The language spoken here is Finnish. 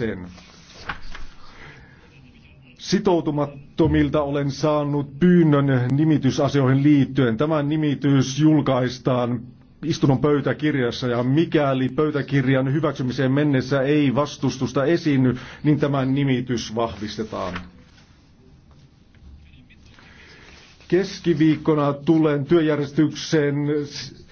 sen. Sitoutumattomilta olen saanut pyynnön nimitysasioihin liittyen. Tämä nimitys julkaistaan istunnon pöytäkirjassa ja mikäli pöytäkirjan hyväksymiseen mennessä ei vastustusta esiinny, niin tämä nimitys vahvistetaan. Keskiviikkona tulen työjärjestyksen